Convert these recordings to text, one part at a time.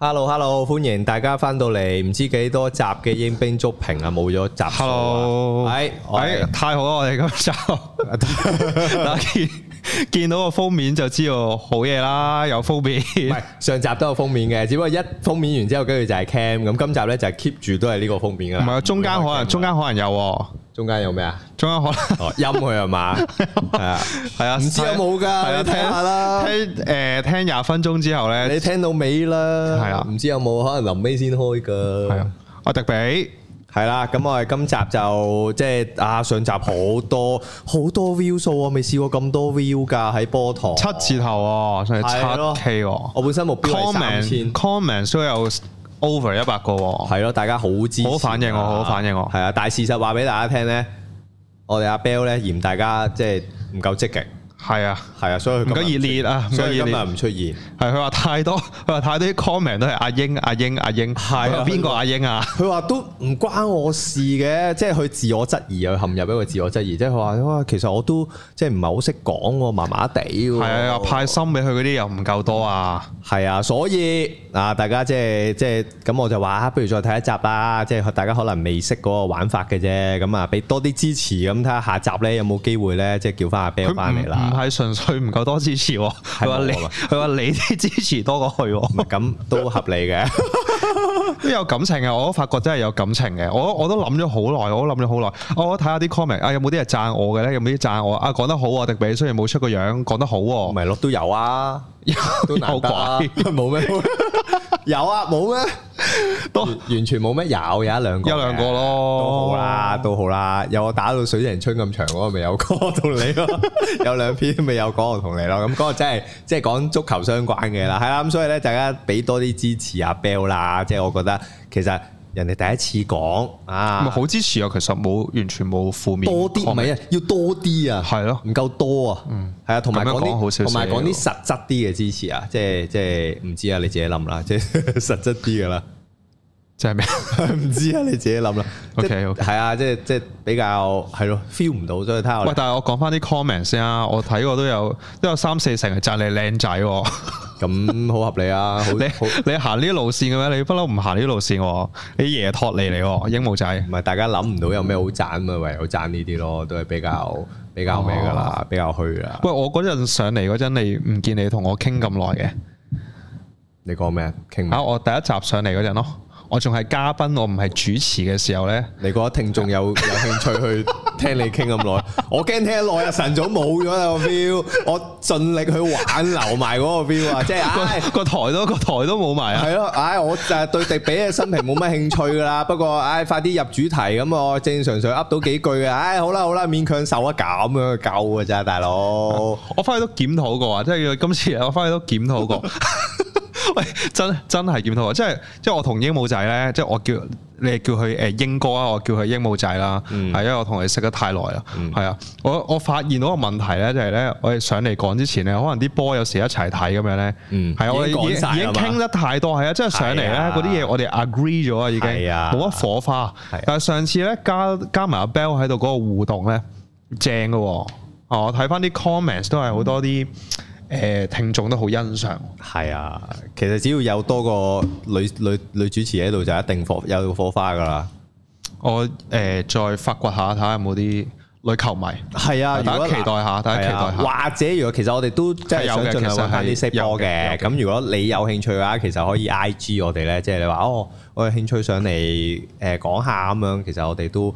Hello，Hello，歡迎大家翻到嚟，唔知幾多集嘅鷹兵足評啊，冇咗集數啊，係，係太好啦，我哋今日。見到個封面就知道好嘢啦，有封面。唔係上集都有封面嘅，只不過一封面完之後跟住就係 cam。咁今集咧就 keep 住都係呢個封面噶。唔係，中間可能中間可能有，中間有咩啊？中間可能音佢係嘛？係啊係啊，唔 知有冇噶？聽下啦、呃，聽誒聽廿分鐘之後咧，你聽到尾啦。係啊，唔知有冇可能臨尾先開噶？係啊，我迪比。係啦，咁我哋今集就即係啊，上集好多好多 view 數，我未試過咁多 view 噶，喺波塘七次頭啊、哦，所以七 K、哦了嗯、我本身目標係三千，comments 都有 over 一百個、哦，係咯，大家好支持，好反應我，好反應我，係啊。但係事實話俾大家聽咧，我哋阿 Bell 咧嫌大家即係唔夠積極。係啊，係啊，所以唔咁熱烈啊，所以今日唔出現。係佢話太多，佢話太多啲 comment 都係阿英，阿英，阿英，係啊，邊個阿英啊？佢話都唔關我事嘅，即係佢自我質疑，又陷入一個自我質疑，即係佢話哇，其實我都即係唔係好識講喎，麻麻地喎。係啊，的派心俾佢嗰啲又唔夠多啊。係啊，所以啊，大家即係即係咁，就是、我就話不如再睇一集啦。即係大家可能未識嗰個玩法嘅啫，咁啊，俾多啲支持咁睇下下集咧有冇機會咧，即係叫翻阿 Bell 翻嚟啦。唔係純粹唔夠多支持，佢話 你佢話 你啲支持多過去唔係咁 都合理嘅，都 有感情嘅，我都發覺真係有感情嘅，我我都諗咗好耐，我都諗咗好耐，我睇下啲 comment 啊，有冇啲係讚我嘅咧？有冇啲讚我啊？講得好啊，迪比雖然冇出個樣，講得好喎，咪咯都有啊， 都難得冇咩。 有啊，冇咩？都 多完全冇咩。有有一兩個，一兩 個咯， 都好啦，都好啦。有我打到水浸春咁長嗰個咪有講同你咯， 有兩篇咪有講同你咯。咁、那、嗰個真係即係講足球相關嘅 啦，係啦。咁所以咧，大家俾多啲支持阿 Bell 啦，即係我覺得其實。人哋第一次講啊，好支持啊！其實冇完全冇負面。多啲唔係啊，要多啲啊，係咯，唔夠多啊，係啊，同埋講啲，同埋講啲實質啲嘅支持啊，即係即係唔知啊，你自己諗啦，即係實質啲嘅啦，即係咩？唔知啊，你自己諗啦。OK OK，係啊，即係即係比較係咯，feel 唔到，所以睇下。喂，但係我講翻啲 comment 先啊，我睇過都有都有三四成係讚你靚仔喎。咁好 合理啊！好叻！你行呢啲路線嘅咩、哦？你不嬲唔行呢啲路線喎？你爺托你嚟，鸚鵡仔，唔係大家諗唔到有咩好賺嘛？唯有賺呢啲咯，都係比較比較咩噶啦，比較虛啦。喂，我嗰陣上嚟嗰陣，你唔見你同我傾咁耐嘅，你講咩？傾啊！我第一集上嚟嗰陣咯。我仲係嘉賓，我唔係主持嘅時候咧，你覺得聽眾有有興趣去聽你傾咁耐？我驚聽耐啊，晨早冇咗個 feel，我盡力去挽留埋嗰個 feel 啊！即係唉、哎，個台都個台都冇埋啊！係咯，唉、哎，我就係對迪比嘅生平冇乜興趣噶啦。不過唉、哎，快啲入主題，咁我正常上噏到幾句嘅。唉、哎，好啦好啦，勉強受一搞咁樣夠噶咋，大佬。我翻去都檢討過啊，即係今次我翻去都檢討過。 真真係檢討啊！即係即係我同鸚鵡仔咧，即係我叫你叫佢誒鷹哥啊，我叫佢鸚鵡仔啦，係因為我同佢識得太耐啦，係啊！我我發現到個問題咧，就係咧，我哋上嚟講之前咧，可能啲波有時一齊睇咁樣咧，係我哋已經傾得太多係啊！即係上嚟咧嗰啲嘢，我哋 agree 咗啊，已經冇乜火花。但係上次咧加加埋阿 Bell 喺度嗰個互動咧正嘅，我睇翻啲 comments 都係好多啲。誒聽眾都好欣賞，係啊！其實只要有多個女女女主持喺度，就一定火有火花噶啦。我誒、呃、再發掘下，睇下有冇啲女球迷，係啊！如果大家期待下，睇下、啊、期待下，或者如果其實我哋都即係想盡量搵返啲識波嘅，咁如果你有興趣嘅話，其實可以 I G 我哋咧，即係你話哦，我有興趣上嚟誒講下咁樣，其實我哋都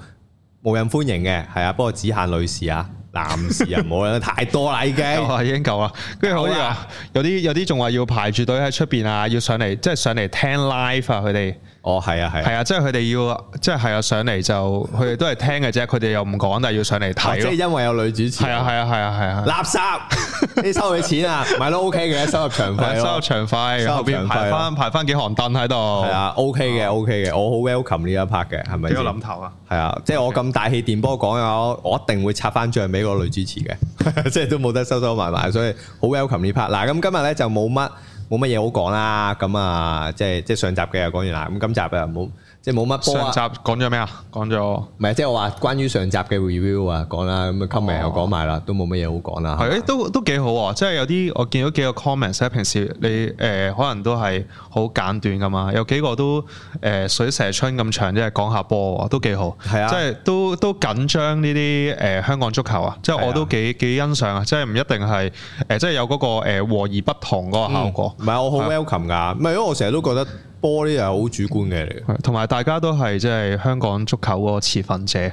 冇人歡迎嘅，係啊，不過只限女士啊。男士又冇咁 太多啦、 哦，已經已經夠啦。跟住好似話，有啲有啲仲話要排住隊喺出邊啊，要上嚟，即係上嚟聽 live 啊，佢哋。哦，係啊，係啊，係啊，即係佢哋要，即係係啊，上嚟就佢哋都係聽嘅啫，佢哋又唔講，但係要上嚟睇。即係因為有女主持。係啊，係啊，係啊，係啊。垃圾，你收佢錢啊？唔係都 OK 嘅，收入場費，收入場費，後邊排翻排翻幾行凳喺度。係啊，OK 嘅，OK 嘅，我好 welcome 呢一 part 嘅，係咪先？有諗頭啊？係啊，即係我咁大氣電波講嘅話，我一定會拆翻賬畀嗰個女主持嘅，即係都冇得收收埋埋，所以好 welcome 呢 part。嗱，咁今日咧就冇乜。冇乜嘢好講啦，咁啊，即係即係上集嘅又講完啦，咁今集啊唔好。即係冇乜波啊！上集講咗咩啊？講咗，唔係即係我話關於上集嘅 review 啊，講啦咁 comment 又講埋啦，都冇乜嘢好講啦。係、哦吧，都都幾好啊！即係有啲我見到幾個 comments，即係平時你誒、呃、可能都係好簡短噶嘛，有幾個都誒、呃、水蛇春咁長，即係講下波、啊、都幾好。係啊，即係都都緊張呢啲誒香港足球啊，即係我都幾幾欣賞啊！即係唔一定係誒、呃，即係有嗰個誒和而不同嗰個效果。唔係我好 welcome 噶，唔係、嗯、因為我成日都覺得、嗯。玻璃係好主觀嘅，同埋大家都係即係香港足球嗰個持份者，嗯、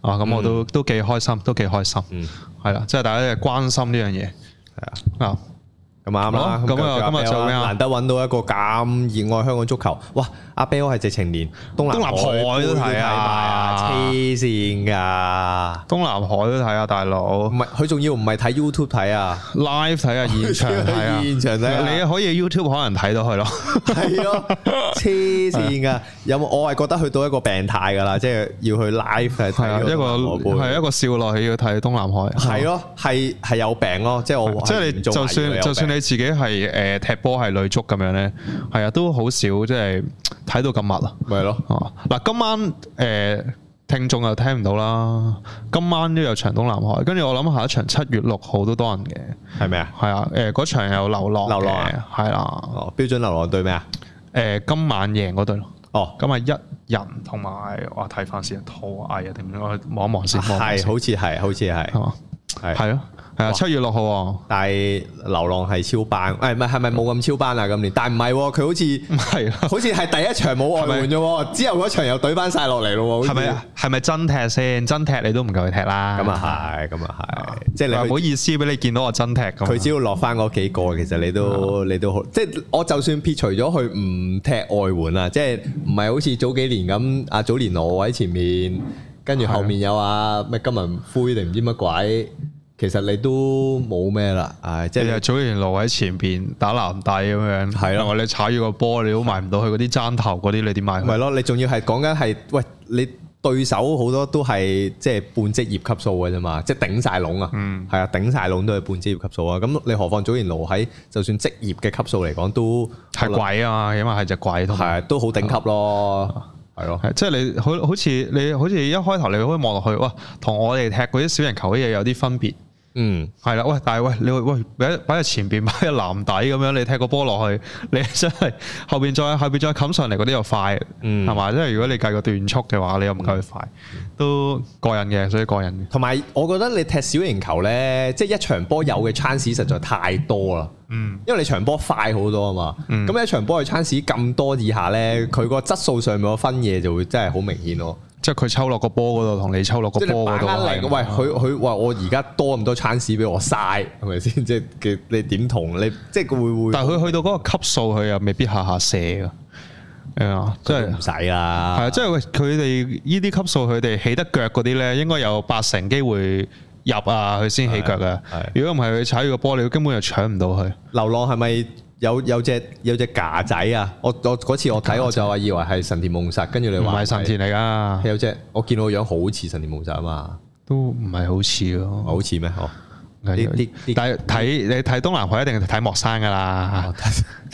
啊，咁我都都幾開心，都幾開心，嗯，係啦，即係大家都係關心呢樣嘢，係的啊嗱。咁啊！咁啊！今日做咩啊？難得揾到一個咁熱愛香港足球，哇！阿 Beyond 係直情連東南海都睇啊，黐線噶！東南海都睇啊，大佬！唔係佢仲要唔係睇 YouTube 睇啊，live 睇啊，現場睇啊，現場睇！你可以 YouTube 可能睇到佢咯，係咯，黐線噶！有冇？我係覺得去到一個病態噶啦，即係要去 live 睇，係一個係一個笑落去，要睇東南海。係咯，係係有病咯，即係我即係你就算就算你。自己係誒踢波係女足咁樣咧，係啊都好少即係睇到咁密啊，咪係咯。嗱今晚誒聽眾又聽唔到啦，今晚都有長東南海，跟住我諗下一場七月六號都多人嘅，係咪是 player? 啊？係、欸、啊，誒嗰場有流浪，流浪係啊，oh, 標準流浪對咩啊？誒、呃、今晚贏嗰隊咯。哦咁啊，一人同埋我睇翻先，土啊，定我望一望先，係好似係，好似係，係係咯。係啊，七月六號，但係流浪係超班，誒唔係係咪冇咁超班啊？今年，但係唔係，佢好似係，是好似係第一場冇外援啫，是是之後嗰場又對翻晒落嚟咯，係咪？係咪真踢先？真踢你都唔夠佢踢啦，咁啊係，咁啊係，即係你唔好意思俾你見到我真踢，佢只要落翻嗰幾個，其實你都、嗯、你都好，即係我就算撇除咗佢唔踢外援啦，即係唔係好似早幾年咁，阿祖連奴喺前面，跟住後面有阿、啊、咩金文灰定唔知乜鬼。其實你都冇咩啦，誒，即係你祖元盧喺前邊打籃底咁樣，係咯，我哋踩住個波你都賣唔到佢嗰啲爭頭嗰啲，你點賣？唔係咯，你仲要係講緊係，喂，你對手好多都係即係半職業級數嘅啫嘛，即、就、係、是、頂晒籠啊，係啊的、嗯，頂晒籠都係半職業級數啊，咁你何況祖元盧喺就算職業嘅級數嚟講都係貴啊，因為係隻貴，係啊，都好頂級咯，係咯、啊啊，即係你好你好似你好似一開頭你可以望落去，哇、哎，同我哋踢嗰啲小人球嘅嘢有啲分別。嗯嗯，係啦，喂，但係喂，你喂擺喺前邊，擺喺藍底咁樣，你踢個波落去，你真係後邊再後邊再冚上嚟，嗰啲又快，係嘛、嗯？即係如果你計個段速嘅話，你又唔夠佢快，嗯、都過人嘅，所以過人。同埋我覺得你踢小型球咧，即、就、係、是、一場波有嘅 chance 實在太多啦，嗯，因為你場波快好多啊嘛，咁、嗯、一場波嘅 chance 咁多以下咧，佢個質素上面嘅分野就會真係好明顯咯。即係佢抽落個波嗰度，同你抽落個波嗰度。來來吧喂，佢佢話我而家多咁多餐屎俾我晒，係咪先？即係 你點同？你即係會會？會但係佢去到嗰個級數，佢又未必下下射噶。係啊，真係唔使啦。係、就、啊、是，即係佢哋呢啲級數，佢哋起得腳嗰啲咧，應該有八成機會入啊，佢先起腳噶。如果唔係，佢踩住個波，你根本就搶唔到佢。流浪係咪？有隻有隻有隻架仔啊！我我嗰次我睇仔我就以為係神田夢殺，跟住你話唔係神田嚟㗎，有隻我見到個樣好似神田夢殺啊嘛，都唔係好似咯，好似咩？但係睇你睇東南亞一定係睇莫生噶啦，啊、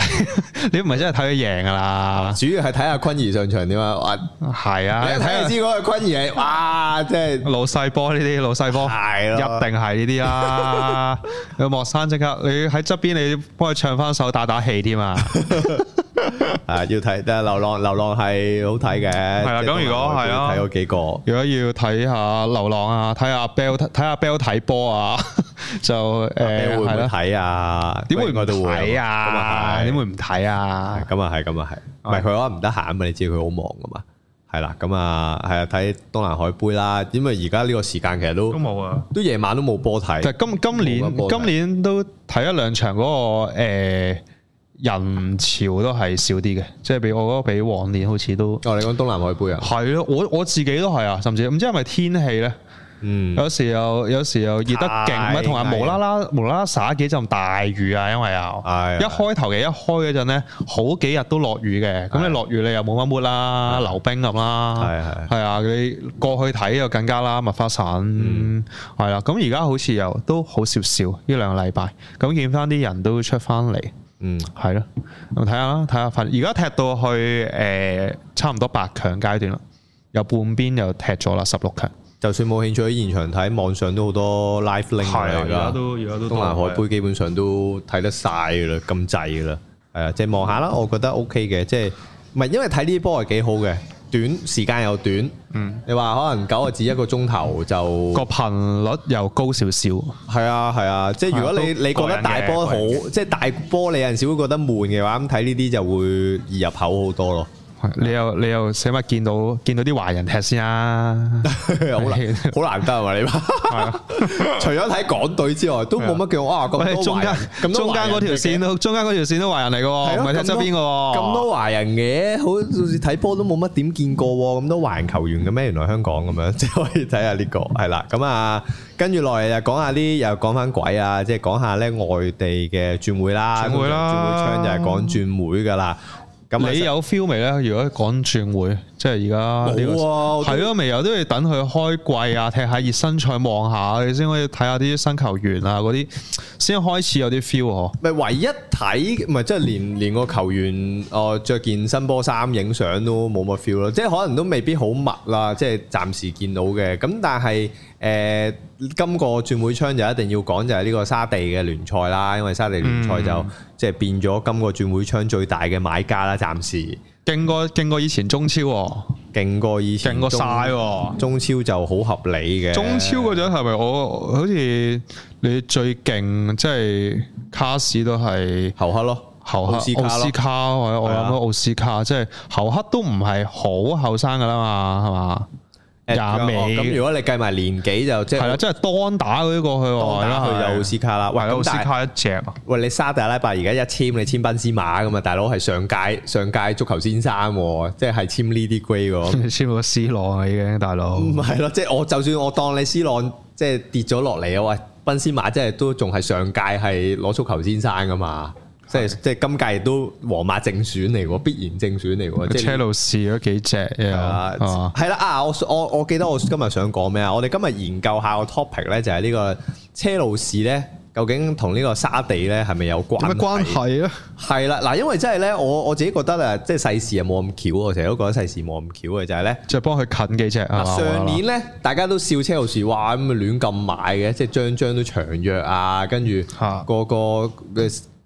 你唔係真係睇佢贏噶啦。主要係睇阿坤儀上場點啊，係啊，睇下知嗰個坤儀係哇，即係老細波呢啲老細波，係一定係呢啲啦！阿莫生即刻，你喺側邊，你幫佢唱翻首打打氣添啊。 啊，要睇，但流浪流浪係好睇嘅，係啦。咁如果係啊，睇咗、啊、幾個、啊，如果要睇下流浪啊，睇下 bell 睇下 bell 睇波啊。 就誒，欸、會唔會睇啊？點會我、啊、都會，會啊？點會唔睇啊？咁啊係，咁啊係，唔係佢話唔得閒啊嘛？你知佢好忙噶嘛？係啦，咁啊係啊，睇東南海杯啦。因為而家呢個時間其實都都冇啊，都夜晚都冇波睇。今今年今年都睇一兩場嗰、那個誒、呃、人潮都係少啲嘅，即、就、係、是、比我覺得比往年好似都。哦，你講東南海杯啊？係咯，我我自己都係啊，甚至唔知係咪天氣咧。嗯，有時又有時又熱得勁，咪、哎、同埋無啦啦無啦啦灑幾陣大雨啊！因為又、哎、呀一開頭嘅一開嗰陣咧，好幾日都落雨嘅。咁、哎、呀你落雨你又冇乜活啦，溜冰咁啦，係係係啊！你過去睇又更加啦，麥花臣係啦。咁而家好似又都好少少呢兩個禮拜咁，見翻啲人都出翻嚟，嗯係咯。咁睇下啦，睇下。而家踢到去誒、呃、差唔多八強階段啦，有半邊又踢咗啦，十六強。就算冇興趣喺現場睇，網上都好多 live link 㗎。而家都而家都東南海杯基本上都睇得晒㗎啦，咁滯㗎啦。係啊，即係望下啦，我覺得 OK 嘅。即係唔係因為睇呢波係幾好嘅，短時間又短。嗯，你話可能九個字一個鐘頭就個頻率又高少少。係啊係啊，即係如果你你覺得大波好，即係大波你有陣時會覺得悶嘅話，咁睇呢啲就會易入口好多咯。你又你又使乜見到見到啲華人踢先啊？好難好難得啊！你話，除咗睇港隊之外，都冇乜叫啊咁多。中間條線都華人嚟嘅，唔係踢側邊嘅。咁多華人嘅，咁多華人嘅，好似睇波都冇乜點見過咁多華人球員嘅咩？原來香港咁樣，即係可以睇下呢個係啦。咁啊，跟住落嚟又講下啲，又講翻鬼啊！即係講下咧外地嘅轉會啦，轉會啦，轉會窗就係講轉會噶啦。咁你有 feel 未咧？如果講轉會，即係而家冇啊，係咯、啊，未有，都要等佢開季啊，踢下熱身賽望下，你先可以睇下啲新球員啊，嗰啲先開始有啲 feel 嗬。咪唯一睇，咪即係連連個球員，誒、哦，着件新波衫影相都冇乜 feel 咯，即係可能都未必好密啦，即係暫時見到嘅。咁但係。誒、呃，今個轉會窗就一定要講就係呢個沙地嘅聯賽啦，因為沙地聯賽就即係變咗今個轉會窗最大嘅買家啦，暫時勁過勁過以前中超、喔，勁過以前勁過晒，喔、中超就好合理嘅。中超嗰陣係咪我好似你最勁，即係卡士都係侯克咯，侯克奧斯卡或者我諗到奧斯卡，的即係侯克都唔係好後生㗎喇嘛，係嘛？咁廿尾如果，你計埋年紀就即係啦，即係當打嗰啲過去，當打去就奧斯卡啦。的喂，奧斯卡一隻喂，你沙特阿拉伯而家一簽你簽賓斯馬噶嘛？大佬係上屆上屆足球先生，即係簽呢啲隊喎。簽個 C 朗啊已經，大佬。唔係咯，即係我就算我當你 C 朗，即係跌咗落嚟啊！喂，賓斯馬即係都仲係上屆係攞足球先生噶嘛？是即係即係今屆亦都皇馬正選嚟喎，必然正選嚟喎。車路士嗰幾隻係啦啊。啊我我我記得我今日想講咩啊。我哋今日研究下個 topic 咧，就係呢個車路士咧，究竟同呢個沙地咧係咪有關係？咩關係咧？係啦，嗱，因為真係咧，我我自己覺得啊，即係世事又冇咁巧，我成日都覺得世事冇咁巧嘅就係咧，就係，就幫佢近幾隻啊！上年咧大家都笑車路士哇，咁啊亂咁買嘅，即係張張都長約啊，跟住的個個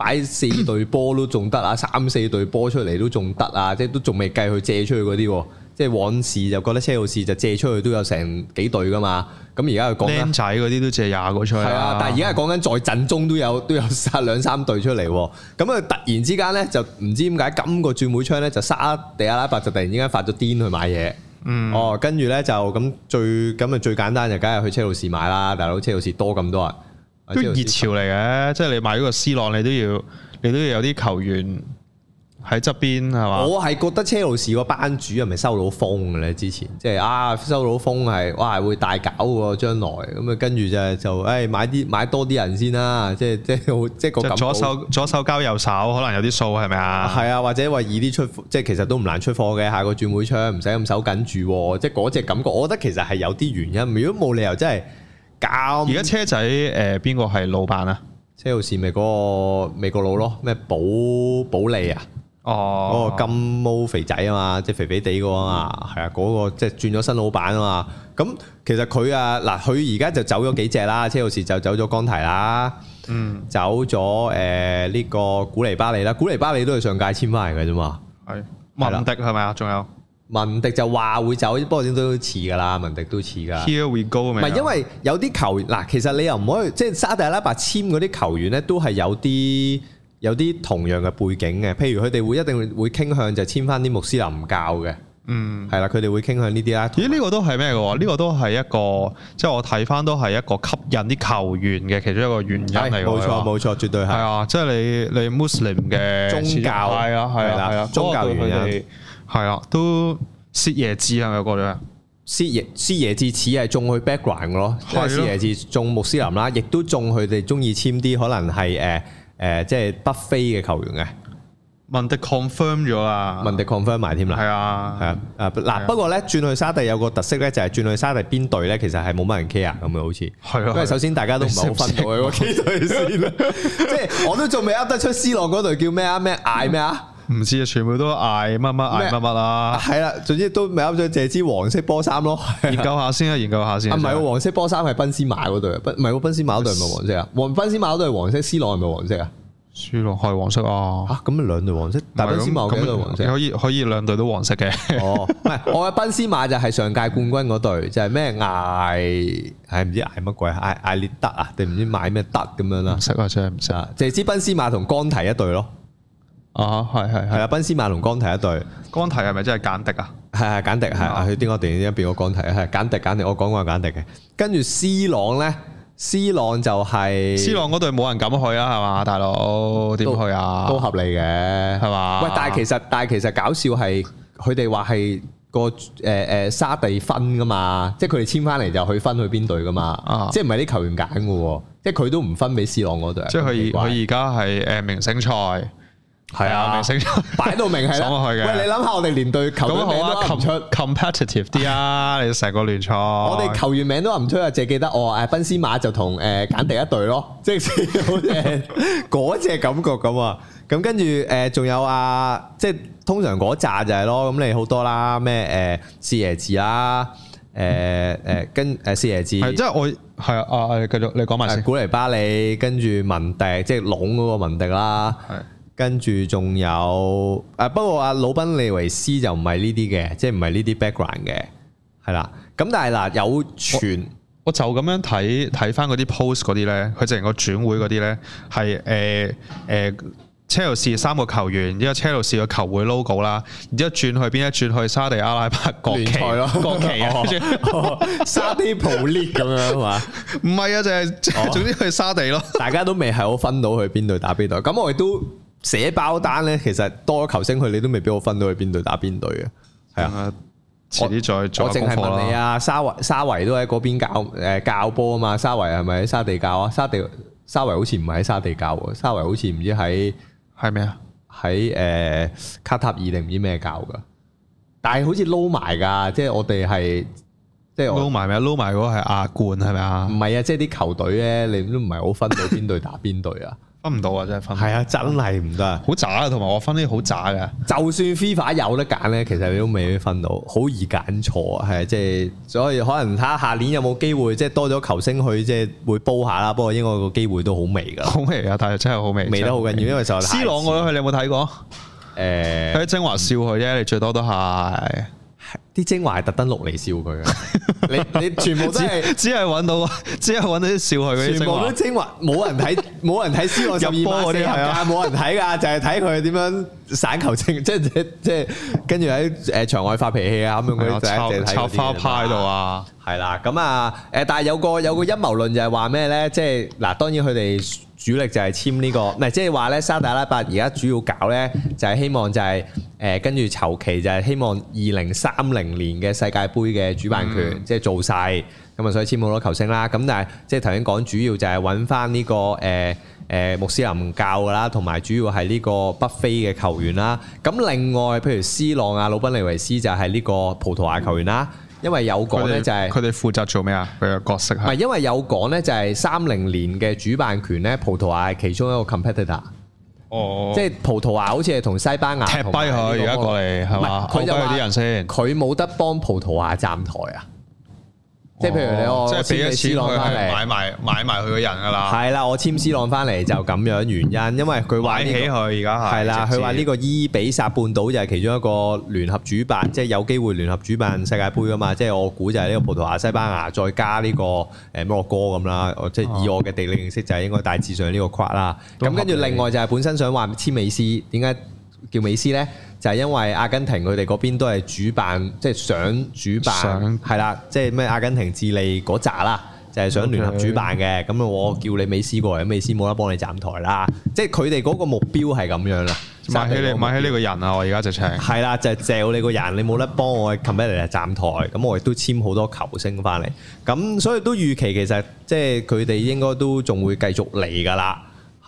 擺四對波都仲得啊，三四對波出嚟都仲得啊，即係都仲未計佢借出去嗰啲，即係往事就覺得車路士就借出去都有成幾對㗎嘛，咁而家佢講，僆仔嗰啲都借廿個出嚟，啊，係啊，但係而家係講緊再陣中都有都有殺兩三對出嚟，咁啊突然之間咧就唔知點解今個轉會窗咧就沙地阿拉伯就突然之間發咗癲去買嘢，嗯，哦，跟住咧就咁最咁啊最簡單就梗係去車路士買啦，大佬車路士多咁多啊。都熱潮嚟嘅，即係你買咗個 C 朗，你都要你都要有啲球員喺側邊係嘛？我係覺得車路士個班主係咪收到風嘅咧，之前即係啊收到風係哇會大搞喎，將來咁啊跟住就就誒、哎、買啲買多啲人先啦、啊，即係即係即係左手左手交右手，可能有啲數係咪啊？係啊，或者話易啲出，即係其實都唔難出貨嘅。下個轉會窗唔使咁手緊住、啊，即係嗰隻感覺，我覺得其實係有啲原因。如果冇理由真係。而家車仔誒邊個係老闆啊？車路士咪嗰個美國佬咯，咩保保利啊？哦，嗰個金毛肥仔啊嘛，即係肥肥地個啊嘛，係、嗯、啊，嗰、嗰個即係轉咗新老闆啊嘛。咁、嗯、其實佢啊嗱，佢而家就走咗幾隻啦，車路士就走咗江提啦，嗯，走咗誒呢個古尼巴利啦，古尼巴利都係上屆簽翻嚟嘅啫嘛，係，文迪係咪啊？仲了有。文迪就話會走，不過點都似噶啦，文迪都似噶。Here we go 咪。唔係因為有啲球員嗱，其實你又唔可以即係沙特阿拉伯簽嗰啲球員咧，都係有啲有啲同樣嘅背景嘅。譬如佢哋會一定會傾向就係簽翻啲穆斯林教嘅。嗯，係啦，佢哋會傾向呢啲啦。咦？呢個都係咩嘅喎？呢個都係一個即係我睇翻都係一個吸引啲球員嘅其中一個原因嚟。冇錯，冇錯，絕對係啊！即係你你穆斯林嘅宗教係啊係啊宗教原因。係啊，都薛耶治係咪過咗啊？薛耶薛耶治似係中去 background 咯，係薛耶治中穆斯林啦，亦都中佢哋中意簽啲可能係誒誒，即係北非嘅球員嘅。文迪 confirm 咗啊，文迪 confirm 埋添啦。係啊係啊，誒嗱，不過咧轉去沙地有個特色咧，就係轉去沙地邊隊咧，其實係冇乜人 care 咁嘅，好似係啊。因為首先大家都唔係好分到佢個隊先啦，即係我都仲未噏得出，C 朗嗰隊叫咩啊？咩嗌咩啊？唔知啊，全部都嗌乜乜嗌乜乜啊，係啦，總之都買咗謝芝黃色波衫咯，研究下先啊，研究下先唔係，黃色波衫係奔斯馬嗰對，唔係，奔斯馬嗰對係咪黃色啊？黃奔斯馬嗰對係黃色，C 朗係咪黃色啊？C 朗係黃色啊，吓咁啊，兩對黃色，大奔斯馬咁對黃色，可以可以兩對都黃色嘅，哦，唔係，我嘅奔斯馬就係上屆冠軍嗰對，就係咩嗌係唔知嗌乜鬼，嗌嗌列德啊，定唔知買咩德咁樣啦，唔識啊真係唔識啊，謝芝奔斯馬同岡提一隊咯。啊，係係係啊，賓對斯馬龍岡提一隊，岡提係咪真係簡迪啊？係係、啊、簡迪，係去點講電影入邊個岡提，係、啊、簡迪簡迪，我講過係簡迪嘅。跟住 C 朗咧，C 朗就係、是、C 朗嗰隊冇人敢去啊，係嘛，大佬點、哦、去啊都？都合理嘅，係嘛吧？喂，但係其實但係其實搞笑係佢哋話係個誒誒、呃呃、沙地分噶嘛，即係佢哋簽翻嚟就去分去邊隊噶嘛，啊、即係唔係啲球員揀嘅，即係佢都唔分俾 C 朗嗰隊、啊。即係佢佢而家係誒明星賽。係啊，明寫擺到明，係上 去嘅。喂，你諗下，我哋連隊球員名都冚唔出，competitive 啲啊！你成個聯賽，我哋球員名都唔出啊，淨係記得哦。誒，賓斯馬就同誒揀第一隊咯，即係嗰隻隻感覺咁啊。咁跟住誒，仲、呃、有啊，即係通常嗰扎就係、是、咯。咁你好多啦，咩誒、呃、四爺字啦，誒、呃、誒跟誒四爺字，即係、就是、我係啊。誒，繼續你講埋、呃、古尼巴里跟住文迪，即係攏嗰個文迪啦。跟住仲有，誒、啊，不過阿魯賓利維斯就唔係呢啲嘅，即係唔係呢啲 background 嘅，係啦。咁但係嗱，有傳，我就咁樣睇睇翻嗰啲 post 嗰啲咧，佢成個轉會嗰啲咧係誒誒車路士三個球員，然之後車路士個球會 logo 啦，然之後轉去邊一轉去沙地阿拉伯國旗咯，國旗啊， 哦、 沙地 Pro League 咁樣係嘛？唔係 啊，就係、哦、總之去沙地咯。大家都未係好分到去邊隊打邊隊，咁我亦都。寫包單咧，其實多咗球星去，你都未俾我分到去邊隊打邊隊嘅，係、嗯、啊。遲啲再做我再做我淨係問你啊，沙維沙維都喺嗰邊教誒、呃、教波啊嘛，沙維係咪喺沙地教啊？沙地沙維好似唔係喺沙地教，沙維好似唔知喺係咩啊？喺誒卡塔爾定唔知咩教噶？但係好似撈埋噶，即係我哋係即係撈埋咪？撈埋嗰個係亞冠係咪啊？唔、就、係、是、啊，即係啲球隊咧，你都唔係好分到邊隊打邊隊啊。 分唔到啊！真係分係啊，真係唔得啊！好渣啊，同埋我分啲好渣嘅。就算 FIFA 有得揀咧，其實你都未必分到，好易揀錯啊！係即係，所以可能睇下下年有冇機會，即係多咗球星去即係會煲下啦。不過應該個機會都好微噶，好微啊！但係真係好微，微得好緊要，因為就 C 朗我都去，你有冇睇過？誒、呃，喺精華笑佢啫，你最多都係。啲精華係特登落嚟笑佢嘅， 你你全部都係只係揾到，只係揾到啲笑佢。全部都精華，冇人睇，冇人睇 C 朗入波嗰啲，冇、啊、人睇噶，就係睇佢點樣散球精，即係即係跟住喺誒場外發脾氣啊咁樣佢就一就睇。花派度啊！係啦，咁啊，誒，但係有個有個陰謀論就係話咩咧？即係嗱，當然佢哋主力就係簽呢個，唔係即係話咧，沙特阿拉伯而家主要搞咧就係希望就係誒跟住籌期就係希望二零三零年嘅世界盃嘅主辦權即係做晒，咁啊、嗯、所以簽好多球星啦。咁但係即係頭先講主要就係揾翻呢個誒誒、呃、穆斯林教噶啦，同埋主要係呢個北非嘅球員啦。咁另外譬如 C 朗啊、魯賓尼維斯就係呢個葡萄牙球員啦。嗯因為有講咧就係佢哋負責做咩啊？佢嘅角色係咪？因為有講咧就係三零年嘅主辦權咧，葡萄牙係其中一個 competitor。哦，即係葡萄牙好似係同西班牙踢跛佢，而家過嚟係嘛？佢有佢啲人先。佢冇得幫葡萄牙站台啊！即係譬如你我即簽斯朗翻嚟買埋買埋佢嘅人㗎啦，係啦，我簽斯朗翻嚟就咁樣原因，因為佢玩、這個、起佢而家係啦，佢話呢個伊比沙半島就係其中一個聯合主辦，即、就、係、是、有機會聯合主辦世界盃啊嘛，即、就、係、是、我估就係呢個葡萄牙、西班牙、嗯、再加呢、這個誒摩洛哥咁啦，我即係以我嘅地理認識就係應該大致上呢個框啦。咁跟住另外就係本身想話簽美斯，點解？叫美斯咧，就係、是、因為阿根廷佢哋嗰邊都係主辦，即、就、係、是、想主辦，係啦想，即係咩阿根廷智利嗰扎啦，就係、是、想聯合主辦嘅。咁 Okay. 我叫你美斯過嚟，美斯冇得幫你站台啦。即係佢哋嗰個目標係咁樣啦。買起你買起呢個人啊！我而家就唱、是。係啦，就係、是、借你個人，你冇得幫我，冚唪唥嚟站台。咁我亦都簽好多球星翻嚟。咁所以都預期其實即係佢哋應該都仲會繼續嚟㗎啦。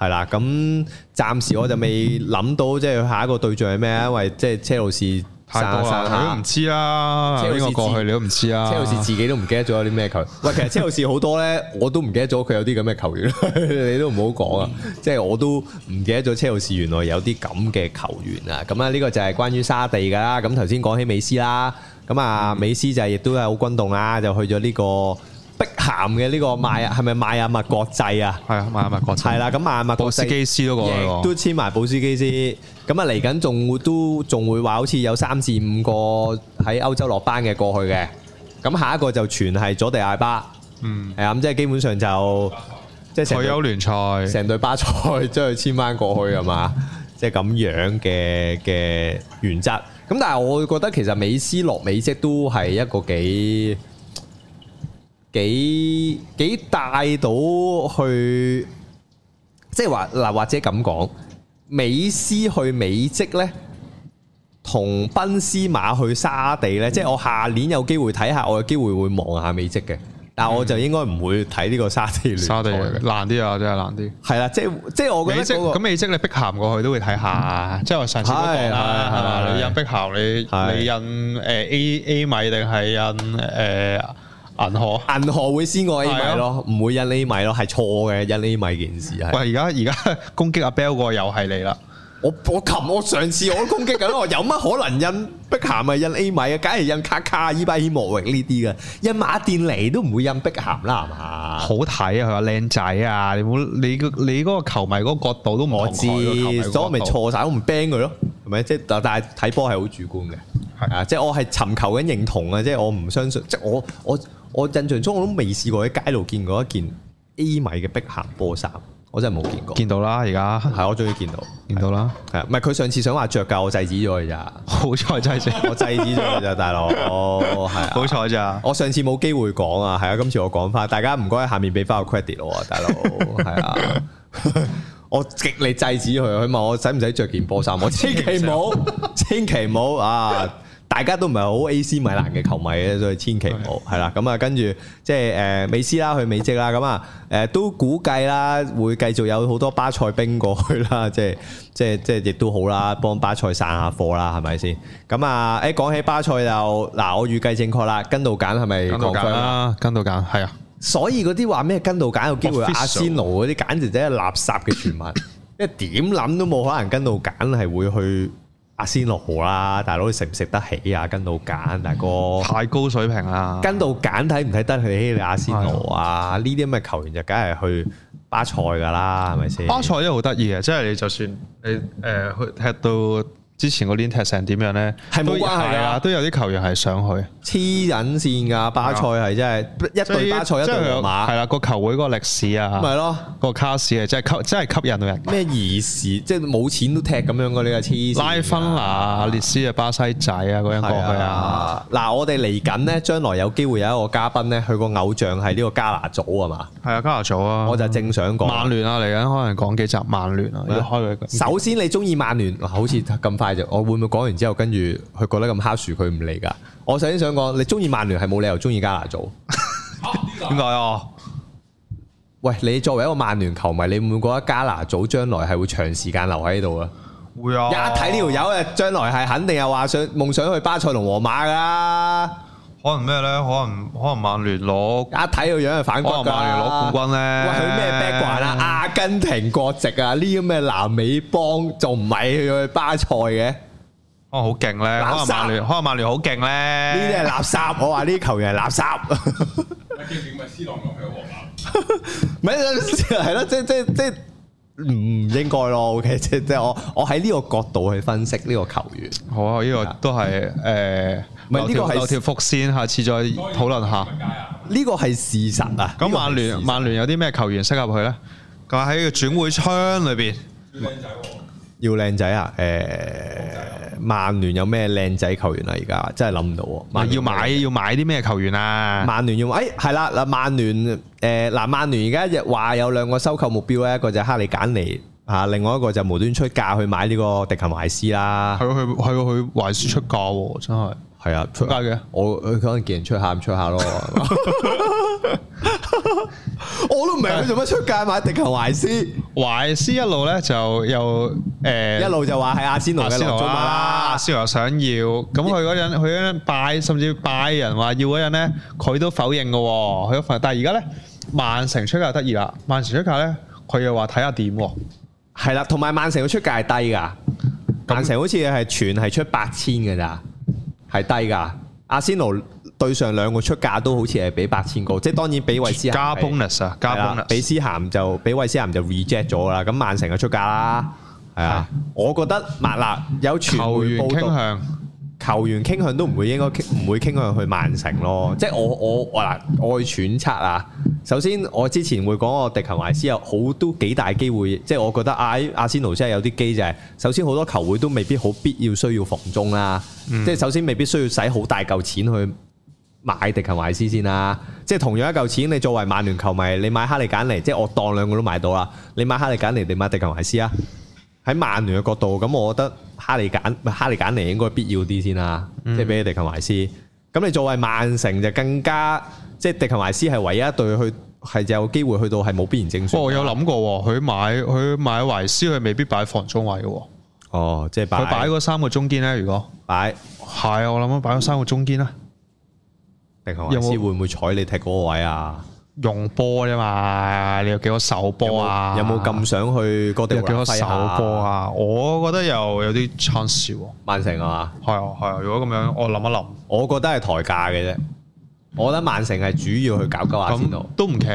係啦，咁暫時我就未諗到即係下一個對象係咩啊？因為即係車路士刪、一刪、一刪，你都唔知啦，車路士過去你都唔知啦，車路士自己都唔記得咗有啲咩球員。 喂，其實車路士好多咧，我都唔記得咗佢有啲咁嘅球員，你都唔好講啊！即係 我都唔記得咗車路士原來有啲咁嘅球員啊！咁啊，呢個就係關於沙地噶啦。咁頭先講起美斯啦，咁啊美斯就係亦都係好轟動啊，就去咗呢、這個。碧咸嘅呢個賣係咪賣阿麥國際啊？係啊，賣阿麥國際係啦。咁阿麥國際布斯基斯都過去咯，都簽埋布斯基斯。咁啊，嚟緊仲會都仲會話，好似有三至五個喺歐洲落班嘅過去嘅。咁下一個就全係佐地亞巴，嗯，係啊。咁即係基本上就即係賽優聯賽，成隊巴塞即係簽翻過去㗎嘛？即係咁樣嘅嘅原則。咁但係我覺得其實美斯落美職都係一個幾。幾幾大到去，即係話嗱，或者咁講，美斯去美職咧，同賓斯馬去沙地咧，即係我下年有機會睇下，我有機會會望下美職嘅，但係我就應該唔會睇呢個沙地。沙地難啲啊，真係難啲。係啦，即係即係我。美職咁美職，你碧咸過去都會睇下，即係我上次都講啦。係係，你印碧咸，你你印誒 A A 米定係印誒？銀河銀河會先過 A 米咯，唔對、啊、會印 A 米咯，係錯嘅印 A 米件事係。喂，而家而家攻擊阿 Bel 個又係你啦，我我琴我上次我攻擊緊咯， 有乜可能印碧咸咪印 A 米啊，梗係印卡卡伊巴爾莫域呢啲嘅，印馬甸尼都唔會印碧咸啦係嘛？好睇啊，佢話靚仔啊，你你你個球迷嗰個角度都我知，所以咪錯晒，我唔 band 佢咯，係咪即係但係睇波係好主觀嘅，係啊的，即係、就是、我係尋求緊認同啊，即係我唔相信，即係我我。我我我我印象中我都未試過喺街路見過一件 A 米嘅碧咸波衫，我真係冇見過。見到啦，而家係我終於見到，見到啦，係啊，唔係佢上次想話着㗎，我制止咗佢咋，好彩就我制止咗佢咋，大佬係，好彩咋，我上次冇機會講啊，係啊，今次我講翻，大家唔該喺下面俾翻個 credit 咯，大佬係啊，我極力制止佢，佢問我使唔使着件波衫，我千祈冇， 千祈冇啊！大家都唔係好 AC 米蘭嘅球迷嘅，所以千祈唔好。係啦的。咁啊，跟住即係誒美斯啦，去美職啦。咁啊誒都估計啦，會繼續有好多巴塞兵過去啦。即係即係即係，亦都好啦，幫巴塞散下貨啦，係咪先？咁啊誒講起巴塞就，嗱，我預計正確啦，跟到揀係咪？跟到揀啦，跟到揀係啊。所以嗰啲話咩跟到揀有機會阿仙奴嗰啲簡直真係垃圾嘅傳聞，即係點諗都冇可能跟到揀係會去。阿仙奴啦，大佬你食唔食得起啊？跟到揀大哥，太高水平啦！跟到揀睇唔睇得佢哋阿仙奴啊？呢啲咁嘅球員就梗係去巴塞噶啦，係咪先？巴塞咧好得意啊，即係你就算你誒去踢到。之前個年踢成點樣咧？係冇關係啊，都有啲球員係上去。黐緊線㗎，巴塞係真係一對巴塞一對馬，係啦個球會個歷史啊。咪咯個卡士真係吸真係吸引到人。咩疑事？即係冇錢都踢咁樣㗎？你係黐。拉芬啊，列斯啊，巴西仔啊嗰一個去啊。嗱，我哋嚟緊呢，將來有機會有一個嘉賓呢，佢個偶像係呢個加拿祖啊嘛。係啊，加拿祖啊，我就正想講。曼聯啊嚟緊，可能講幾集曼聯啊。要開首先你中意曼聯好似咁快。我會唔會講完之後，跟住佢覺得咁烤薯，佢唔嚟㗎？我首先想講，你鍾意曼聯係冇理由鍾意加拿組，點解啊？ 喂，你作為一個曼聯球迷，你會唔會覺得加拿組將來係會長時間留喺呢度啊？會啊！一睇呢條友啊，將來係肯定又話想夢想去巴塞隆和，和馬㗎，啊。可能咩咧？可能可能曼聯攞一睇個樣就反骨。可能曼聯攞冠軍咧？喂，佢咩咩怪啦？阿根廷國籍啊？呢啲咩南美邦，仲唔係去去巴塞嘅？哦，好勁咧？可能曼聯，燒可能曼聯好勁咧？呢啲係垃圾， 我話呢球員係垃圾。唔係啊，係、就、咯、是，即即即。即係即係即係唔應該咯，OK，即即我我喺呢個角度去分析呢個球員。好啊，呢、呢個都係誒，唔係呢個係有條伏線，下次再討論下。呢個係事實啊！咁曼、嗯、聯曼聯有啲咩球員適合佢咧？佢喺個轉會窗裏邊。要靚仔啊！誒、欸，曼聯有咩靚仔球員啊？而家真係諗唔到喎。要買要買啲咩球員啊？曼聯要買？誒、欸，係啦嗱，曼聯誒嗱，曼聯而家就話有兩個收購目標咧，一個就係哈利·簡尼啊，另外一個就無端出價去買呢個迪琴·懷斯啦。係喎係喎係喎，懷斯出價喎、啊，真係。係啊，出價嘅，我佢可能見人出下唔出下咯。 我都唔明佢做乜出價買、啊、迪球懷斯，懷斯一，呢、欸、一路咧就又誒，一路就話係阿仙奴嘅阿仙奴啦，想要，咁佢嗰陣佢嗰陣拜，甚至拜人話要嗰陣咧，佢都否認噶、喔，佢都否認，但係而家咧，曼城出價得意啦，曼城出價咧，佢又話睇下點，係啦，同埋曼城嘅出價係低噶，曼城好似係全係出八千嘅咋，係低噶，阿仙奴、啊。對上兩個出價都好似係俾八千個，即係當然俾韋斯咸。加 bonus 啊，啦加 bonus。俾斯咸就俾韋斯咸就 reject 咗啦。咁曼城嘅出價啦，係啊，我覺得麥拿有傳媒傾向，球員傾向都唔會應該傾，唔會傾向去曼城咯。即係我我我嗱，愛揣測啊。首先我之前會講個迪球艾斯有好都幾大機會，即係我覺得阿阿仙奴真係有啲機就係，首先好多球會都未必好必要需要防中啦，即係、嗯、首先未必需要使好大嚿錢去。買迪琴懷斯先啦、啊，即係同樣一嚿錢，你作為曼聯球迷，你買哈利簡尼，即係我當兩個都買到啦。你買哈利簡尼定買迪琴懷斯啊？喺曼聯嘅角度，咁我覺得哈利簡唔哈利簡尼應該必要啲先啦、啊，嗯、即係比迪琴懷斯。咁你作為曼城就更加，即係迪琴懷斯係唯一一隊去係就有機會去到係冇必然正選、啊哦。我有諗過佢買佢買懷斯，佢未必擺防中位嘅。哦，即係擺佢擺嗰三個中堅咧？如果擺係啊，我諗啊，擺嗰三個中堅啦。迪雄尼斯會唔會踩你踢嗰個位啊？用波啫嘛，你有幾多守波啊？有冇咁想去哥迪奧拿啊？有幾多守波啊？我覺得又有啲 chance 喎。曼城係嘛？係啊，係 啊、啊，如果咁樣，我諗一諗，我覺得係台價嘅啫。我覺得曼城係主要去搞搞下先咯，都唔奇，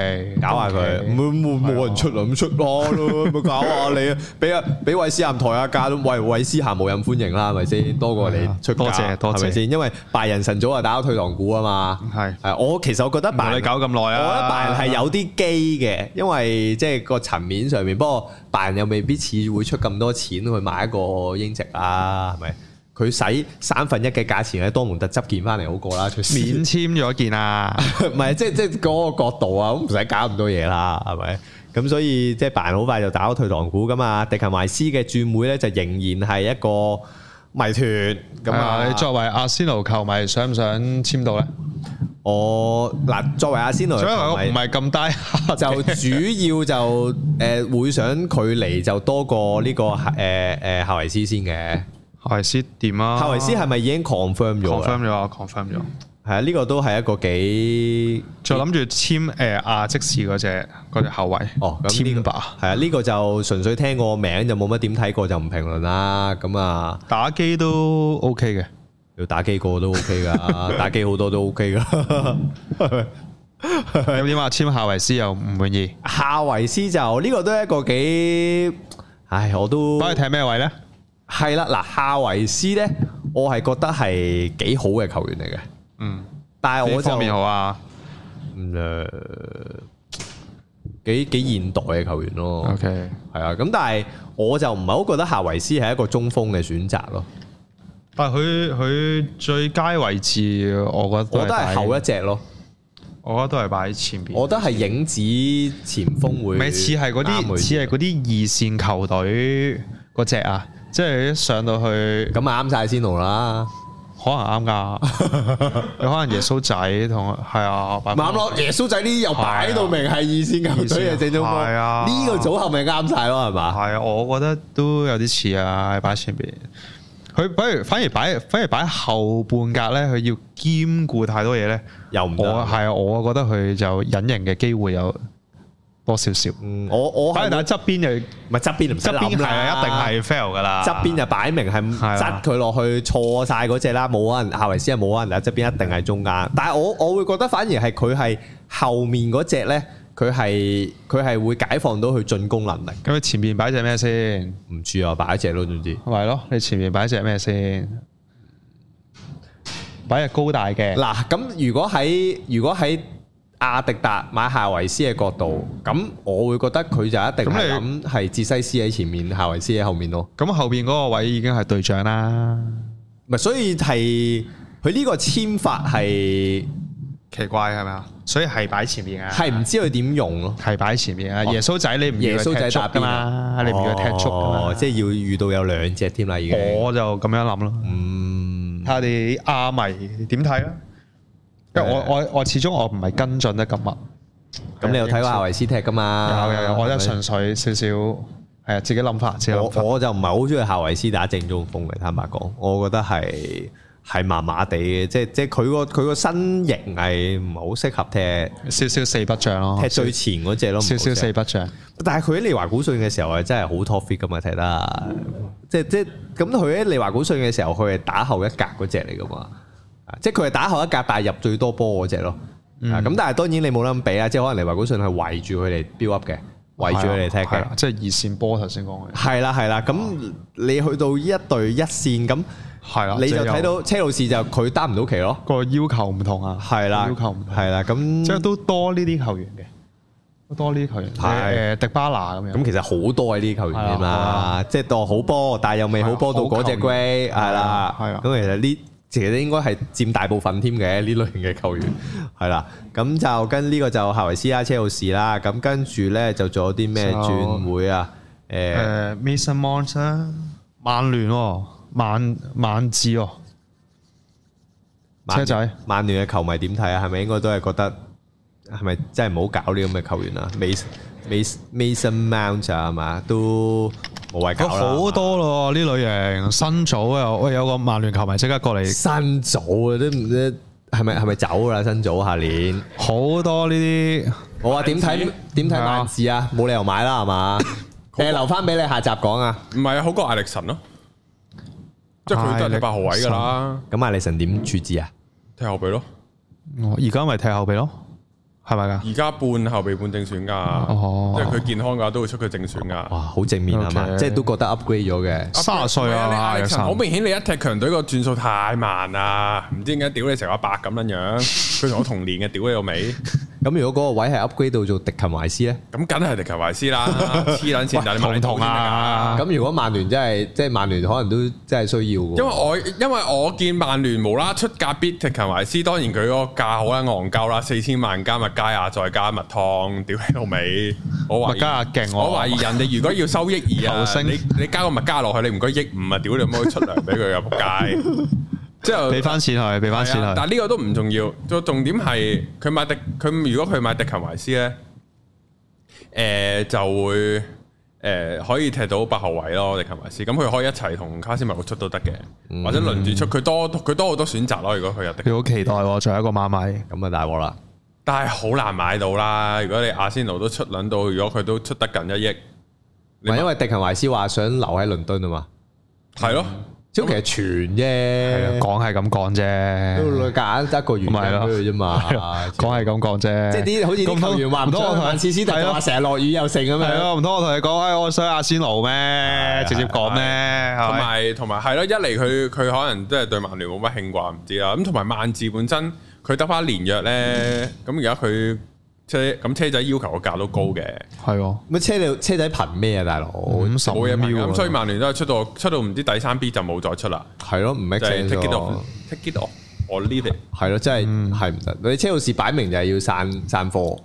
搞下、啊、佢，冇、啊、人出嚟咁出咯，咪 搞、啊、你下你啊！俾啊俾韋斯咸抬下價，喂，韋斯咸冇人歡迎啦，係咪先？多過你出、啊、多係咪先？因為拜仁晨早啊打咗退堂鼓啊嘛，係係、啊啊，我其實我覺得拜仁搞咁耐啊，我覺得拜仁係有啲機嘅，因為即係個層面上面，不過拜仁又未必似會出咁多錢去買一個英籍啊，係咪？佢使三分一嘅價錢咧，多門特執件翻嚟好過啦。免簽咗件啊，唔係即係即係嗰個角度啊，咁唔使搞咁多嘢啦，係咪？咁所以即辦好快就打咗退堂鼓㗎嘛。迪肯懷斯嘅轉會咧，就仍然係一個迷團。咁啊，作為阿仙奴球迷，想唔想簽到咧？我嗱，作為阿仙奴球迷，所以我唔係咁低，就主要就誒會想距離就多過呢個誒誒夏維斯先嘅。夏維斯點啊？夏維斯係咪已經 confirm 咗？confirm 咗啊，confirm 咗。係啊，呢個都係一個幾，就諗住簽阿積士嗰隻嗰隻後衛。哦，Timber。係啊，呢個就純粹聽個名就冇乜點睇過就唔評論啦。咁啊，打機都 OK 嘅，要打機個都 OK 噶， 打機好多都 OK 噶。咁點啊？簽夏維斯又唔滿意？夏維斯就呢個都係一個幾，唉，我都。幫佢踢咩位咧？係啦，嗱，夏維斯咧，我係覺得係幾好嘅球員嚟嘅，嗯，但係我就面好啊，誒、嗯，幾幾現代嘅球員咯，OK，係啊，咁但係我就唔係好覺得夏維斯係一個中鋒嘅選擇咯，但係佢佢最佳位置，我覺得我都係後一隻咯，我覺得都係擺喺前邊，我覺得係影子前鋒會，咪似係嗰啲似係嗰啲二線球隊嗰隻啊。即係一上到去，咁咪啱晒先到啦。可能啱噶，有 可能耶穌仔同係 啊，唔啱咯。耶穌仔呢啲又擺到明係二線球隊嘅正中鋒，呢、啊、個組合咪啱晒咯，係嘛？係啊，我覺得都有啲似啊，喺擺前邊。佢不如反而擺反而擺後半格咧，佢要兼顧太多嘢咧，又唔得。係啊，我覺得佢就隱形嘅機會有，多少少，我我係側邊就唔係側邊，側邊係啊，一定係 fail 噶啦。側邊就擺明係執佢落去錯晒嗰隻啦，冇可能夏維斯係冇可能，側邊一定係中間。但係我我會覺得反而係佢係後面嗰隻咧，佢係佢係會解放到佢進攻能力。咁你前面擺隻咩先？唔知啊，擺隻咯，總之係咯。你前面擺隻咩先？擺隻高大嘅。嗱，咁如果喺如果喺。阿迪達買夏維斯嘅角度，咁我會覺得佢就一定諗係智西斯喺前面，夏你維斯喺後面咯。咁後邊嗰個位已經係隊長啦。唔係，所以係佢呢個簽法係奇怪係咪啊？所以係擺前面啊。係唔知佢點用咯。係擺前面啊！耶穌仔你唔耶穌仔打邊啊？你唔要踢足㗎嘛？哦、即係要遇到有兩隻添啦。已經我就咁樣諗咯。嗯，睇下你阿迷點睇啦。我我我始終我唔係跟進得咁密，咁你有睇過夏維斯踢噶嘛？有有有，我得純粹少少，係啊，自己諗法。法我我就唔係好中意夏維斯打正中鋒嘅，坦白講，我覺得係係麻麻地嘅。即即係佢個佢個身形係唔係好適合踢，少少四不像咯，踢最前嗰隻咯，少少四不像。但係佢喺利華古信嘅時候係真係好 top fit 噶嘛，踢得即即咁。佢喺利華古信嘅時候，佢係打後一格嗰隻嚟噶嘛。即係佢係打後一格，但係入最多波嗰隻咯。咁但係當然你冇諗比啊，即係可能利華古遜係圍住佢哋 build up 嘅，圍住佢哋踢嘅。即係二線波頭先講嘅。係啦，係啦，咁你去到一隊一線咁，係啦，你就睇到車路士就佢擔唔到旗咯。個要求唔同啊，係啦，要求唔同，係啦，咁即係都多呢啲球員嘅，多呢啲球員，誒迪巴拿咁樣。咁其實好多呢啲球員啊，即係當好波，但係又未好波到嗰隻龜，係啦，係啦。咁其實呢？其實應該係佔大部分添嘅呢類型嘅球員，係啦。咁就跟呢個就夏維斯拉車路士啦。咁跟住咧就做咗啲咩轉會啊？誒、so, uh，Mason Mount 啦、uh，曼聯，曼曼治哦。曼車仔，曼，曼聯嘅球迷點睇啊？係咪應該都係覺得係咪真係唔好搞呢咁嘅球員啊？Mason Mount 啊嘛，都。無謂咁好多咯，呢類型新祖，又喂，有個曼聯球迷即刻過嚟。新祖啊，都唔知係咪係咪走啦？新祖下年好多呢啲。我話點睇點睇萬字啊？冇理由買啦，係嘛？誒、那個，留翻俾你下集講啊！唔係力啊，好過艾力神咯，即係佢都係八號位噶啦。咁艾力神點處置啊？後備踢後備咯。我而家咪踢後備咯。係咪噶？而家半後備半正選噶，即係佢健康嘅話都會出佢正選噶。哇，好正面啊嘛！即係都覺得 upgrade 咗嘅。卅歲啊，好明顯你一踢強隊個轉數太慢啦，唔知點解屌你成一百咁樣樣。佢同我同年嘅，屌你個尾。咁如果嗰個位係 upgrade 到做迪勤懷斯咧，咁梗係迪勤懷斯啦。黐捻線，但係你唔認同啊？咁如果曼聯真係即係曼聯可能都真係需要。因為我因為我見曼聯無啦出價畀迪勤懷斯，當然佢嗰個價好鬼昂鳩啦，四千萬加物。加啊，再加蜜糖，屌你老味！我加懷疑，我懷疑人哋如果要收益而 星 啊，你你加個蜜加落去，你唔該益五啊，屌你，唔可以出糧俾佢仆街， 之後俾翻錢去，俾翻錢佢。但呢個都唔重要，個重點係佢買迪，佢如果佢買迪肯懷斯咧，誒、呃、就會誒、呃、可以踢到八號位咯，迪肯懷斯。咁佢可以一齊同卡斯麥出都得嘅，或者輪住出，佢多佢多好多，多選擇咯。如果佢入迪，佢好期待仲有、啊、一個馬米，咁啊大鑊啦。但係好難買到啦，如果你阿仙奴都出輪到，如果佢都出得近一億，唔係因為迪肯懷斯話想留喺倫敦啊嘛？係咯，即係其實傳啫，講係咁講啫，揀得一個原因啫嘛，講係咁講啫。即係啲好似球員話唔通我同史詩迪話成日落雨又剩咁樣，唔通我同你講，哎，我想阿仙奴咩？直接講咩？同埋同埋係咯，一嚟佢佢可能即係對曼聯冇乜興掛，唔知啦。咁同埋萬字本身。佢得翻年約咧，咁而家佢車咁車仔要求個價都高嘅，係喎、嗯。咁車仔憑咩、嗯、啊，大佬？咁十蚊一秒。咁所以曼聯都係出到出到唔知第三 B 就冇再出啦。係咯了，唔係 take it take it off, or or leave it。係咯，真係係唔得。你車路士擺明就係要散散貨，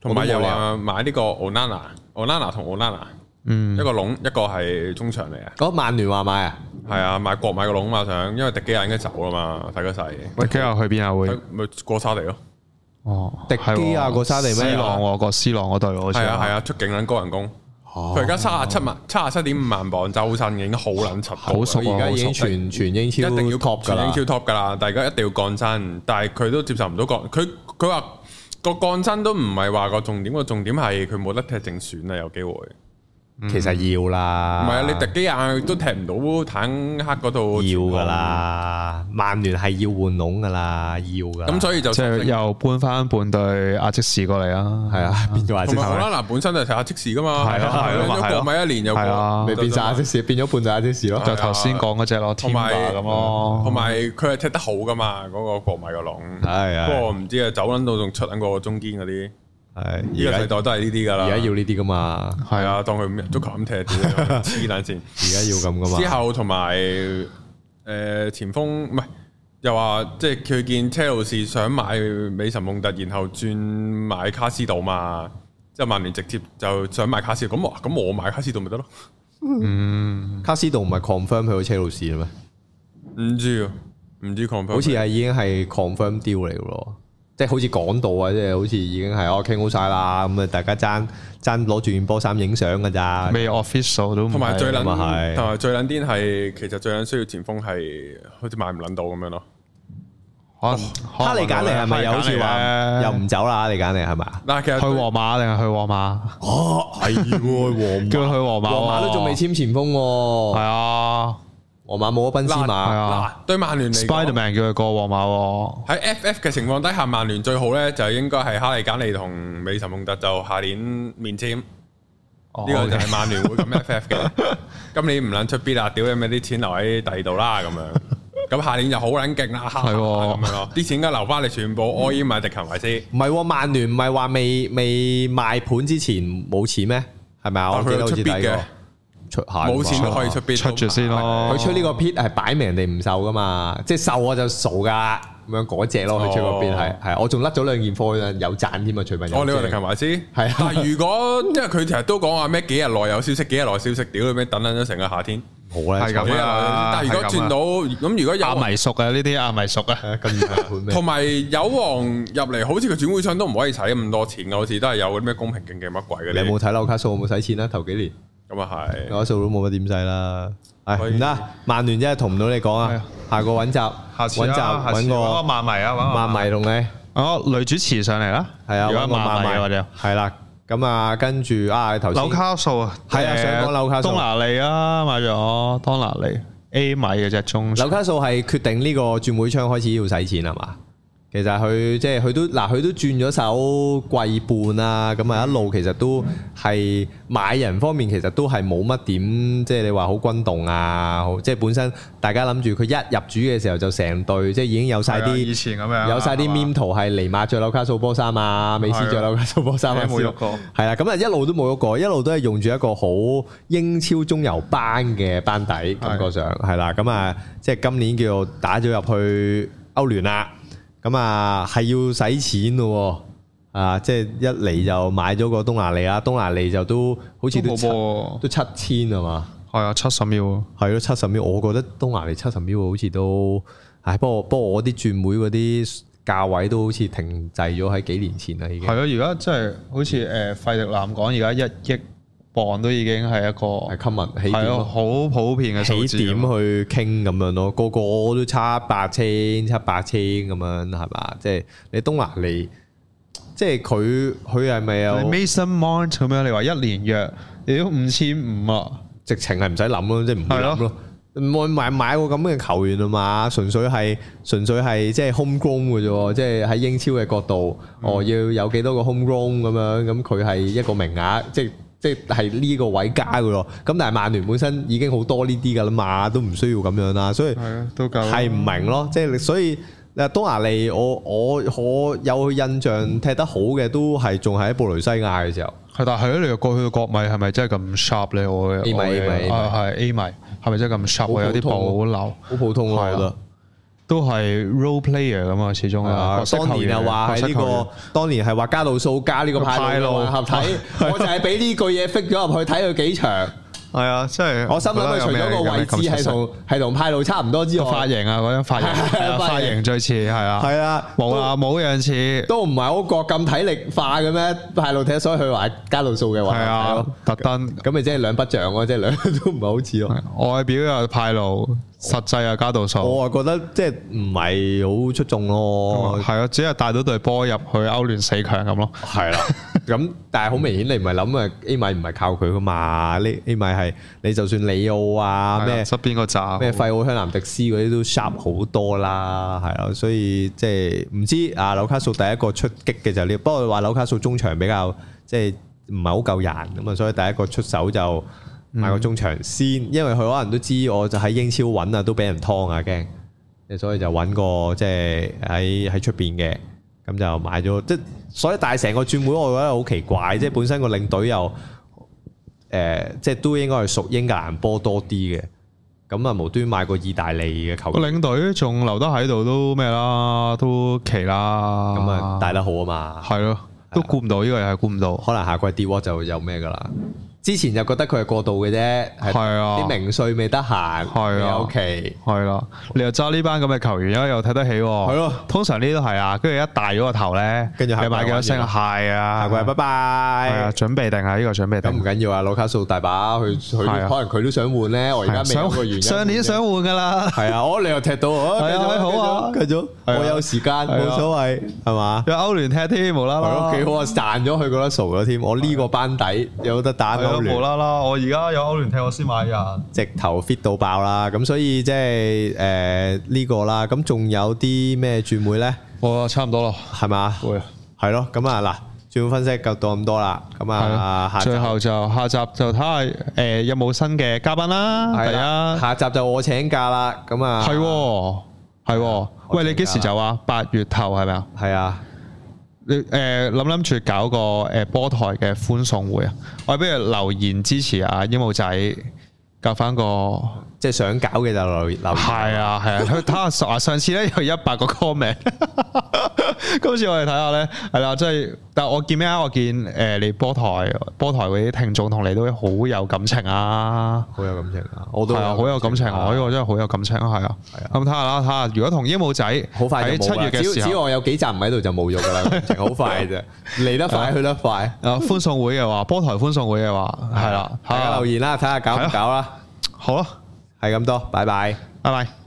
同埋又話買呢個 Onana、Onana 同 Onana。嗯，一個籠，一個係中場嚟啊！嗰曼聯話買啊，係啊，買國買個籠嘛，想因為迪基亞應該走啦嘛，睇個勢。迪基亞去邊啊？會咪過沙地咯？哦，迪基亞過沙地咩？斯浪哦，個斯浪個隊，係啊係啊，出境撚高人工。佢而家三十七萬，三十七點五萬磅，周薪已經好撚沉。好所以而家已經全全英超，一定要 top 噶啦！英超 top 噶啦，大家一定要降薪。但係佢都接受唔到降，佢佢話個降薪都唔係話個重點，個重點係佢冇得踢正選啊，有機會。其實要啦，唔係啊，你特基眼都踢唔到坦克嗰度，要噶啦，曼聯係要換籠噶啦，要噶。咁所以就即係又搬翻半隊阿即士過嚟啊，係啊，變咗阿即士。好啦，嗱，本身就係睇阿即士噶嘛，係啊，係啊，國米一年又係啊，變晒阿即士，變咗半隻阿即士咯，就頭先講嗰隻咯，天咁咯。同埋佢係踢得好噶嘛，嗰個國米個籠，係啊。不過唔知啊，走捻到仲出捻個中堅嗰啲。係而家時代都係呢啲噶啦，而家要呢啲噶嘛？係啊，當佢足 球咁踢，黐捻線。而家 要咁噶嘛？之後同埋誒前鋒，唔係又話即係佢見車路士想買美神夢特，然後轉買卡斯道嘛？即係曼聯直接就想買卡斯道，咁咁我買卡斯道咪得咯？嗯，卡斯道唔係 confirm 去車路士咩？唔知啊，唔知 confirm，好似係已經係 confirm 掉嚟咯。即係好似講到啊，即係好似已經係我傾好晒啦，咁、哦、啊大家爭爭攞住波衫影相嘅咋？未 official 都唔係咁係。同埋最撚癲係，其實最撚需要前鋒係，好似買唔撚到咁樣咯。哈、啊！哈利簡尼係咪又好似話又唔走啦？哈利簡尼係咪啊？嗱，其實去皇馬定係去皇馬啊？係喎，叫佢去皇馬，皇馬都仲未簽前鋒喎、啊啊。係啊。皇馬冇咗賓斯馬啊！對曼聯嚟 Spiderman 叫佢過皇馬喺 FF 嘅情況底下，曼聯最好咧就應該係哈利簡尼同美臣蒙特就下年面簽。呢個就係曼聯會咁 FF 嘅。今年唔捻出 B 啦，屌你咪啲錢留喺第二度啦咁樣。咁下年就好捻勁啦，係咁樣咯。啲錢而家留翻你全部我已經迪勤為先，唔係，曼聯唔係話未未賣盤之前冇錢咩？係咪啊？我見到出 B 嘅。冇錢就可以出邊出住先咯。佢出呢個 pit 係擺明人哋唔受㗎嘛，即係受我就傻㗎咁樣嗰隻咯。佢出嗰邊係我仲甩咗兩件貨有賺添啊！除埋我呢個林琴華先係啊。但係如果因為佢成日都講話咩幾日內有消息，幾日內消息，屌你咩等等都成個夏天，冇咧係咁，但係如果轉到咁，如果有阿迷熟啊，呢啲阿迷熟啊，咁同埋友王入嚟，好似佢轉會窗都唔可以使咁多錢㗎，好似都係有啲咩公平競技乜鬼嘅。你有冇睇樓卡數？有冇使錢啊？頭幾年？咁啊係，我數都冇乜點制啦，係唔得？曼聯真係同唔到你講啊，下個穩集，下次穩集穩個曼迷啊，曼迷同你，哦女主持上嚟啦，係啊，如果曼迷或者係啦，咁啊跟住啊頭先紐卡素啊，係啊上講紐卡素，東拿利啊買咗東拿利 A 米嘅隻鐘，紐卡素係決定呢個轉會窗開始要使錢係嘛？其實佢即係佢都嗱，佢都轉咗手季半啊，咁啊一路其實都係買人方面，其實都係冇乜點，即係你話好轟動啊！即係本身大家諗住佢一入主嘅時候就成隊，即係已經有曬啲，以前咁樣，有曬啲面圖係尼馬着紐卡素波衫啊，美斯着紐卡素波衫啊，冇郁過，係啦，咁啊一路都冇郁過，一路都係用住一個好英超中游班嘅班底感覺上係啦，咁啊即係今年叫做打咗入去歐聯啦。咁啊，係要使錢咯喎、啊！啊，即係一嚟就買咗個東拿利啊，東拿利就都好似都七都，都七千啊嘛，係啊，七十秒，係咯，七十秒，我覺得東拿利七十秒好似都，唉、哎，不過不過我啲轉會嗰啲價位都好似停滯咗喺幾年前啦，已經係啊，而家即係好似誒費迪南講而家一億。磅都已經係一個係 common，係咯，好普遍嘅起點去傾咁樣咯，個個都差八千，差七八千咁樣係嘛？即係你東華利，即係佢佢係咪有 Mason Mount 咁樣？你話一年約你都五千五啊，直情係唔使諗咯，即係唔會諗咯。唔會買買個咁嘅球員啊嘛？純粹係純粹係即係 homegrown 嘅啫，即係喺英超嘅角度，哦，要有幾多個 homegrown 咁樣咁，佢係一個名額即係。即係呢個位加㗎咯，咁但係曼聯本身已經好多呢啲㗎啦嘛，都唔需要咁樣啦，所以係啊，都夠係唔明咯，即係你所以，阿東拿利我我我有印象踢得好嘅都係仲係喺布雷西亞嘅時候。係，但係咧，你又過去個國米係咪真係咁 sharp 咧？我嘅 A 米啊，係 A 米，係咪真係咁 sharp 啊？有啲保留，好普通係啦。都係 role player 咁的啊，始終，這個，啊，當年又話係呢個當年係話加度素加呢個派路合體，看啊，我就係俾呢句嘢 fit 咗入去睇佢幾場。 係啊，即係我心諗佢除咗個位置係同係同派路差唔多之外，髮型啊嗰種髮型 髮型最似係啊，係 啊，冇 啊冇樣都似，都唔係好國咁體力化嘅咩？派路踢，所以佢話加度素嘅話係啊，啊特登咁咪即係兩不像咯，即係兩都唔係好似咯。外表又派路，實際又加度素， 我啊覺得即係唔係好出眾咯、啊，係、哦、啊，只係帶到隊波入去歐聯四強咁咯，係啦是、啊。 咁，但係好明顯，你唔係諗啊？A 米唔係靠佢㗎嘛？呢、嗯、A 米係你就算里奧啊咩，出的麼邊個集咩費奧香南迪斯嗰啲都 sharp 好多啦，係啊，所以即係唔知啊，紐卡素第一個出擊嘅就呢、呢個。不過話紐卡素中場比較即係唔係好夠人咁啊，所以第一個出手就買個中場先，嗯、因為佢可能都知，我就喺英超揾啊都俾人劏啊驚，所以就揾個即係喺喺出邊嘅，咁就買咗即。所以大成個轉會，我覺得好奇怪，即係本身個領隊又誒、呃，即係都應該係屬英格蘭波多啲嘅，咁啊無端買個意大利嘅球。個領隊仲留得喺度都咩啦，都奇啦。咁啊帶得好啊嘛。係咯，都估唔到呢個又係估唔到，的到可能下季嘅話就有咩㗎啦。之前又覺得佢係過度嘅啫，係啊啲名帥未得閒，啊，有期，係啦，你又揸呢班咁嘅球員，因又睇得起喎。係咯，通常呢都係啊，跟住一大咗個頭咧，跟住你買幾多升？係啊，下季拜拜，係啊，準備定啊？呢個準備。咁唔緊要啊，攞卡數大把去去，可能佢都想換咧。我而家未想換，上年想換㗎啦。係啊，我你又踢到，踢到好啊，繼續。我有時間冇所謂，係嘛？有歐聯踢添，無啦啦幾好啊，賺咗佢嗰粒數咗添。我呢個班底有得打。無啦啦，我而家有歐聯踢，我先買呀。直頭 fit 到爆啦，咁所以即係誒呢個啦，咁仲有啲咩轉會咧？我差唔多咯，係咪？會係咯，咁啊嗱，轉會分析就到咁多啦，咁啊，最後就下集就睇下誒有冇新嘅嘉賓啦，係啊，下集就我請假啦，咁啊係係，喂，你幾時走啊？八月頭係咪？係啊。誒諗諗住搞個誒波台嘅歡送會啊！我哋不如留言支持啊！鸚鵡仔搞翻個～即係想搞嘅就留留言。係啊係啊，去睇下上上次咧有一百個 comment。今次我哋睇下咧，係啦，即係，但係我見咩啊？我見誒，你波台波台嗰啲聽眾同你都好有感情啊！好有感情啊！我都係好有感情，我呢個真係好有感情啊！係啊係啊，咁睇下啦，睇下。如果同鸚鵡仔，好快。七月嘅時候，只要只要我有幾集唔喺度就冇咗噶啦，好快啫，嚟得快去得快。啊，歡送會嘅話，波台歡送會嘅話，係啦，留言啦，睇下搞唔搞啦，好咯。係咁多，拜拜，拜拜。